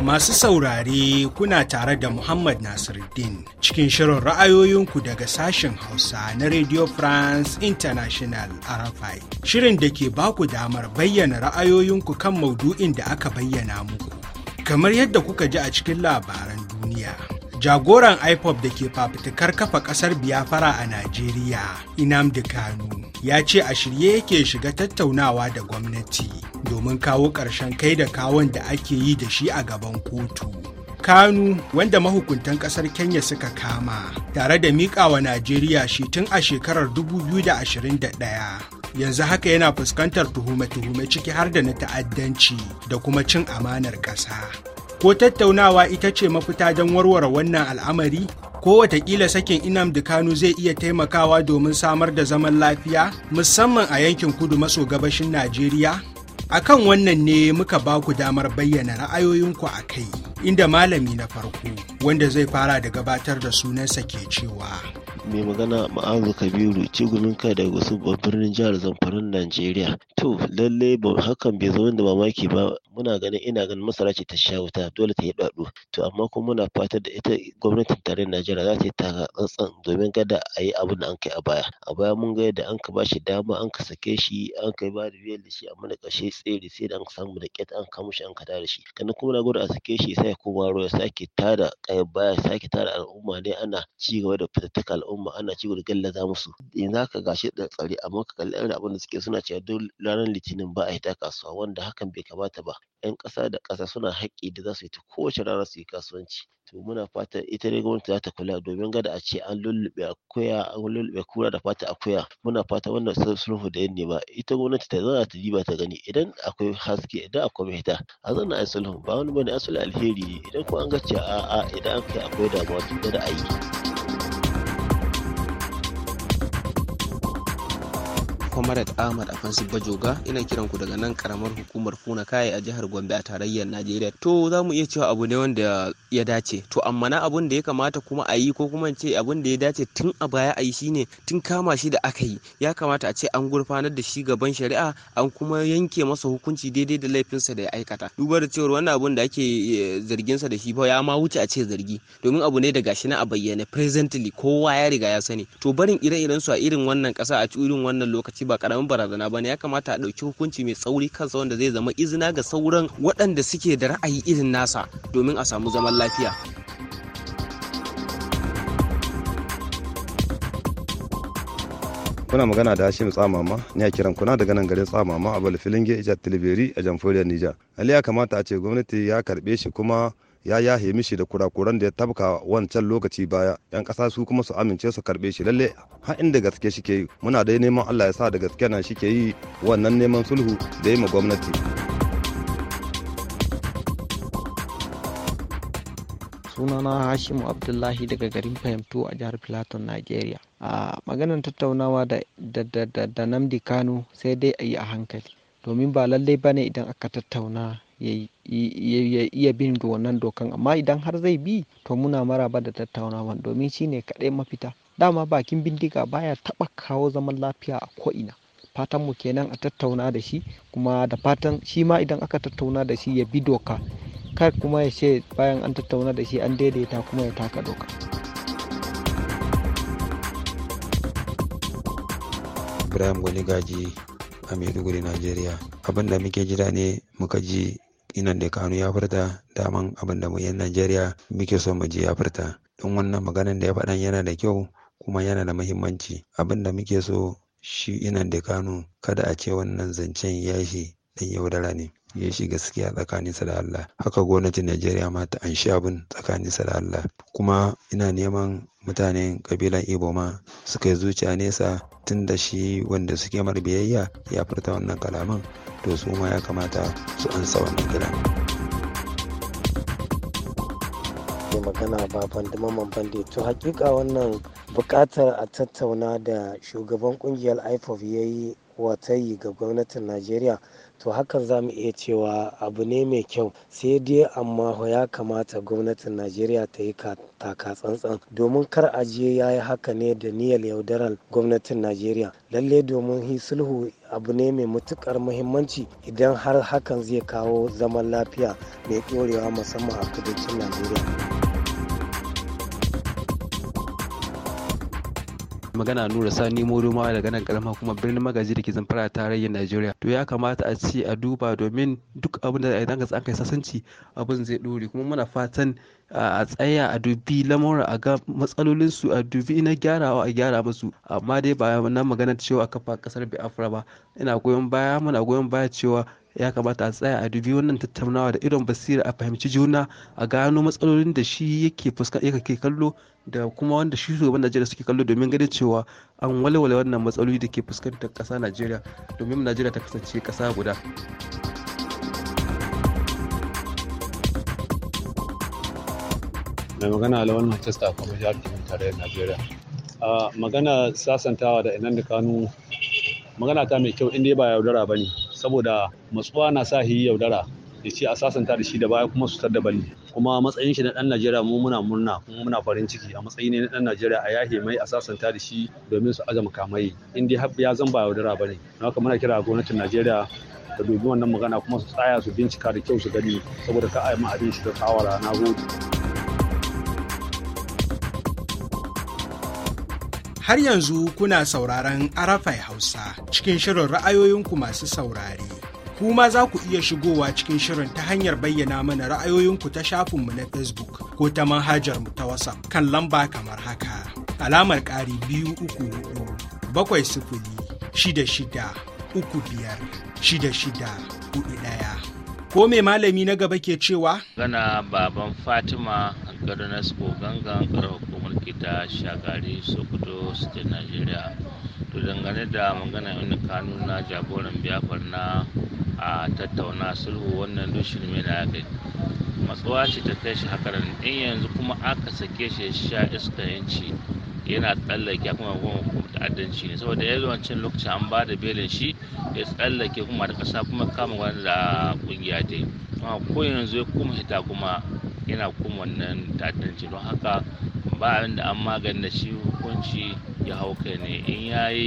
Masu saurare kuna tare da Muhammad Nasiruddin cikin shirin ra'ayoyinku daga sashen Hausa na Radio France International RFI. Shirin da ke baku damar bayyana ra'ayoyinku kan maudu'in da aka bayyana muku. Kamar yadda kuka ji a cikin labaran duniya. Jagoran IPOP da ke fafutukar kafa ƙasar Biafra a Najeriya, Inam Kanu, ya ce a shirye yake shiga tattaunawa da gwamnati. domin kawo ƙarshen kai da kawon da ake yi da shi a gaban kotu. Kanu wanda mahukuntan ƙasar Kenya suka kama tare da miƙawa Najeriya shi tun a shekarar 2021. yanzu haka yana fuskantar tuhume-tuhume ciki har da na ta'addanci da kuma cin amanar ƙasa. Ko tattaunawa ita ce mafita don warware wannan al'amari? Ko watakila sakin Inam da Kanu zai iya taimakawa domin samar da zaman lafiya musamman a yankin kudu maso gabashin Najeriya? A kan wannan ne muka ba ku damar bayyana ra'ayoyinku a kai inda malami na farko wanda zai fara da gabatar da sunansa ke cewa mai magana ma'azu kabiru cigumin kai daga wasu birnin jihar zamfaran najeriya to ba hakan bai zo da mamaki ba muna ganin ina ganin masara ce ta sha wuta dole ta yi ɗaɗo to amma kuma muna fatan da ita gwamnatin tarayyar Najeriya za ta yi taka tsantsan domin kada a yi abin da an kai a baya a baya mun ga yadda an ka bashi dama an ka sake shi an ka ba da biyan da shi amma da ƙarshe tsere sai da an samu da ƙyata an kamo shi an ka tare shi kana kuma na gudu a sake shi sai koma ruwa sake tada ƙayar baya sake tada al'umma ne ana ci gaba da fitattaka al'umma ana ci gaba da gallaza musu yanzu haka gashi da tsare amma ka kalli irin abin da suke suna cewa duk ranar litinin ba a ta kasuwa wanda hakan bai kamata ba 'yan ƙasa da ƙasa suna haƙƙi da za su yi ta kowace rana su yi kasuwanci to muna fatan ita dai gwamnati za ta kula domin gada a ce an lullube akuya an lullube kura da fata akuya muna fata wannan sulhu da yin nema ita gwamnati ta zauna ta diba ta gani idan akwai haske idan akwai mahita a zauna a sulhu ba wani bane asali alheri ne idan kuma an ga ce a'a idan an kai akwai damuwa tun da ayi. comrade ahmad afansu bajoga ina kiran ku daga nan karamar hukumar funa kai a jihar gombe a tarayyar najeriya to za mu iya cewa abu ne wanda ya dace to amma na abun da ya kamata kuma a yi ko kuma ce abun da ya dace tun a baya a yi shine tun kama shi da aka yi ya kamata a ce an gurfanar da shi gaban shari'a an kuma yanke masa hukunci daidai da laifinsa da ya aikata duba da cewar wannan abun da ake eh, zargin sa da shi ba ya ma wuce a ce zargi domin abu ne da gashi na a bayyane presently kowa ya riga ya sani to barin ire-iren su a irin wannan kasa a irin wannan lokaci ba karamin barazana bane ya kamata a dauki hukunci mai tsauri kansa wanda zai zama izina ga sauran waɗanda suke da ra'ayi irin nasa domin a samu zaman lafiya lafiya. kuna magana da Hashim Tsamama ni a kiran kuna daga nan garin Tsamama a Balfilinge Ijar Tilberi a Jamhuriyar Nijar. Ali ya kamata a ce gwamnati ya karbe shi kuma ya yahe mishi da kurakuran da ya tabka wancan lokaci baya yan kasa su kuma su amince su karbe shi lalle har inda gaske shi ke yi muna dai neman Allah ya sa da gaske nan ke yi wannan neman sulhu da yi ma gwamnati. sunana Hashim Abdullahi daga garin Fahimtu a jihar plateau Najeriya. A maganar tattaunawa da, Namdi Kano sai dai a yi a hankali. Domin ba lallai bane idan aka tattauna ya iya bin wannan dokan amma idan har zai bi to muna mara ba da tattaunawa domin shine kaɗai mafita dama bakin bindiga baya taba kawo zaman lafiya a ko'ina fatan mu kenan a tattauna da shi kuma da fatan shi ma idan aka tattauna da shi ya bi doka kar kuma ya ce bayan an tattauna da shi an daidaita kuma ya taka doka ibrahim gwani gaji a maiduguri najeriya abin da muke jira ne muka ji inan da kanu ya furta daman abin da mu yan najeriya muke so mu ji ya furta don wannan maganan da ya faɗan yana da kyau kuma yana da mahimmanci abin da muke so shi inan da kanu kada a ce wannan zancen ya shi. dan yaudara ne ya shi gaskiya tsakaninsa da Allah haka gwamnatin Najeriya ma ta anshi abin tsakaninsa da Allah kuma ina neman mutanen kabilan Ibo ma su kai zuciya nesa tun da shi wanda suke mar biyayya ya furta wannan kalaman to su ma ya kamata su an ansa wannan kira. magana ba bandumaman bande to hakika wannan bukatar a tattauna da shugaban kungiyar ipof ya yi watayi ga gwamnatin najeriya to hakan za mu iya cewa abu ne mai kyau sai dai amma ya kamata gwamnatin najeriya ta yi taka tsantsan domin kar ajiye ya yi haka ne da niyyar yaudarar gwamnatin najeriya lalle domin sulhu abu ne mai matukar muhimmanci idan har hakan zai kawo zaman lafiya mai ɗorewa musamman a kudancin najeriya magana nura sani modoma daga nan karama kuma birnin magaji da ke zamfara tarayyar najeriya to ya kamata a ci a duba domin duk abin da idan ka tsanka sasanci abin zai dore kuma muna fatan a tsaya a dubi lamura a ga matsalolin su a dubi na gyarawa a gyara musu amma dai ba na magana cewa kafa kasar biafra ba ina goyon baya muna goyon baya cewa ya kamata a tsaya a dubi wannan tattaunawa da irin basira a fahimci juna a gano matsalolin da shi yake fuska yake kallo da kuma wanda shi shugaban najeriya suke kallo domin ganin cewa an walwala wannan matsaloli da ke fuskantar ƙasa najeriya domin najeriya ta kasance ƙasa guda mai magana lawan manchester kuma jihar tarayyar najeriya magana sasantawa da inan da kanu magana ta mai kyau inda ba yaudara ba ne saboda matsuwa na sa shi yaudara ya ce a sasanta da shi da baya kuma su tar da kuma matsayin shi na dan Najeriya mu muna murna kuma muna farin ciki a matsayi ne na dan Najeriya a yahe mai a sasanta da shi domin su aza makamai in dai ya zan ba yaudara bane na haka muna kira gwamnatin Najeriya ta dubi wannan magana kuma su tsaya su bincika da kyau su gani saboda ka a yi abin shi da tsawara na gode har yanzu kuna sauraron Arafai Hausa cikin shirin ra'ayoyinku masu saurare. Kuma za ku iya shigowa cikin shirin ta hanyar bayyana mana ra'ayoyinku ta shafinmu na Facebook ko ta manhajarmu ta WhatsApp kan lamba kamar haka. Alamar ƙari biyu uku hudu bakwai sifili shida shida uku biyar shida shida hudu ɗaya. Ko me malami na gaba ke cewa? Gana baban Fatima garin Espo gangan hukumar kita shagari Sokoto State Nigeria. To dangane da magana wani kanu na jagoran biyafar na a tattauna sulhu wannan dushin mai na kai. Matsuwa ce ta kai shi hakaran in yanzu kuma aka sake shi sha iska yanci yana tsallake kuma goma kuma ta'addanci ne saboda ya cin lokacin an ba da belin shi ya tsallake kuma da kasa kuma kama wani da kungiya dai. Kuma ko yanzu ya kuma hita kuma yana kuma wannan ta'addanci don haka ba da an magana shi hukunci ya hau kai ne in ya yi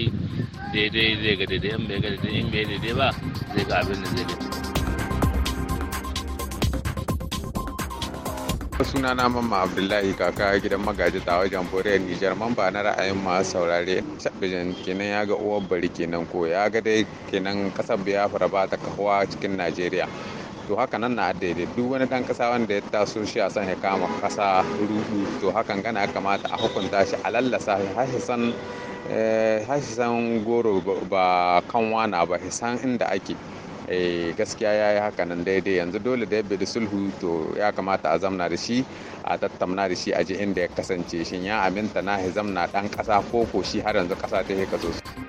daidai zai ga daidai in bai ga daidai in bai daidai ba zai ga abin da zai daidai suna na mamma abdullahi kaka gidan magaji ta wajen boriyar nijar mamba na ra'ayin masu saurare shabijan kenan ya ga uwar bari kenan ko ya ga dai kenan kasar biyafra ba ta kahuwa cikin najeriya to haka nan na daidai duk wani dan kasa wanda ya taso shi a san ya kama kasa rudu to hakan gana kamata a hukunta shi a lallasa shi san eh, san goro ba kan wana ba san inda ake eh, gaskiya ya yi haka nan daidai yanzu dole da ya da sulhu to ya kamata a zamna da shi a tattamna da shi a ji inda ya kasance shin ya aminta na zamna dan kasa ko ko shi har yanzu kasa ta ka kaso su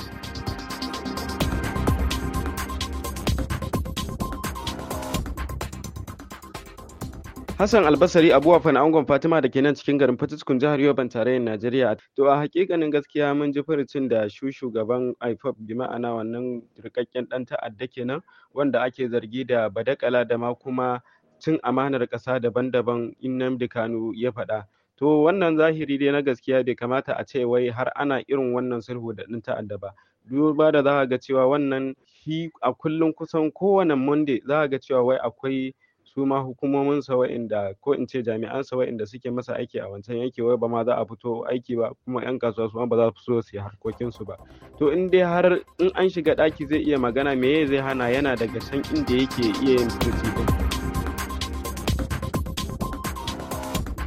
Hassan Albasari Abuwa Fana Angon Fatima da ke nan cikin garin Fatiskun jihar Yoban tarayyar Najeriya. To a hakikanin gaskiya mun ji furucin da shu shugaban IFOP bi ma'ana wannan rikakken dan ta'adda kenan wanda ake zargi da badakala da ma kuma cin amanar kasa daban-daban in da kano ya faɗa. to wannan zahiri dai na gaskiya bai kamata a ce wai har ana irin wannan sulhu da dan ta'adda ba duba da za ga cewa wannan shi a kullum kusan kowane monday za ga cewa wai akwai suma ma hukumomin sa wa'inda ko in ce jami'an sa wa'inda suke masa aiki a wancan yanki wai ba ma za a fito aiki ba kuma yan kasuwa su ma ba za su so su yi harkokin su ba to in dai har in an shiga daki zai iya magana meye zai hana yana daga can inda yake iya yin kuci din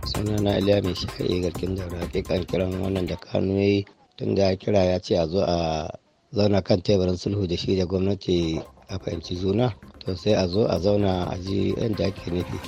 sunana ilya mai shafi garkin da hakikan kiran wannan da Kano yayi tun da kira ya ce a zo a zauna kan teburin sulhu da shi da gwamnati a fahimci juna to sai a zo a zauna a ji yadda ake nufi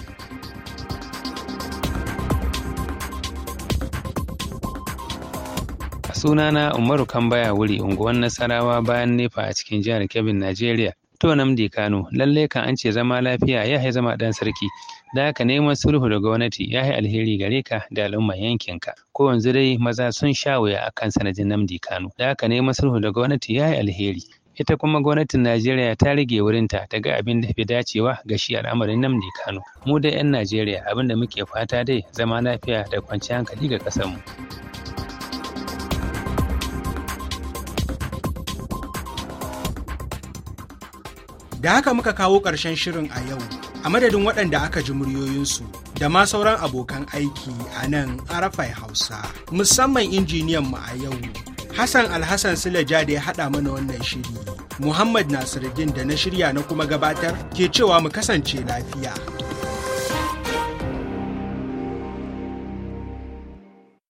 sunana umaru kambaya wuri unguwan nasarawa bayan nefa a cikin jihar kebbi najeriya to namdi kano lalle kan an ce zama lafiya ya zama dan sarki da ka neman sulhu da gwamnati ya yi alheri gare ka da al'umman yankinka ko yanzu dai maza sun sha wuya akan sanadin namdi kano da ka neman sulhu da gwamnati ya yi alheri ita kuma gwamnatin najeriya ta rage wurinta ta ga abin da fi dacewa ga shi al'amarin nan ne kano mu da 'yan najeriya abin da muke fata dai zama lafiya da kwanciyar hankali ga ƙasarmu. da haka muka kawo ƙarshen shirin a yau a madadin waɗanda aka ji muryoyinsu da ma sauran abokan aiki a nan arafai hausa musamman injiniyan mu a yau Hassan Alhassan Silaja da ya haɗa mana wannan shiri. Muhammad Nasiruddin da na shirya na kuma gabatar ke cewa mu kasance lafiya.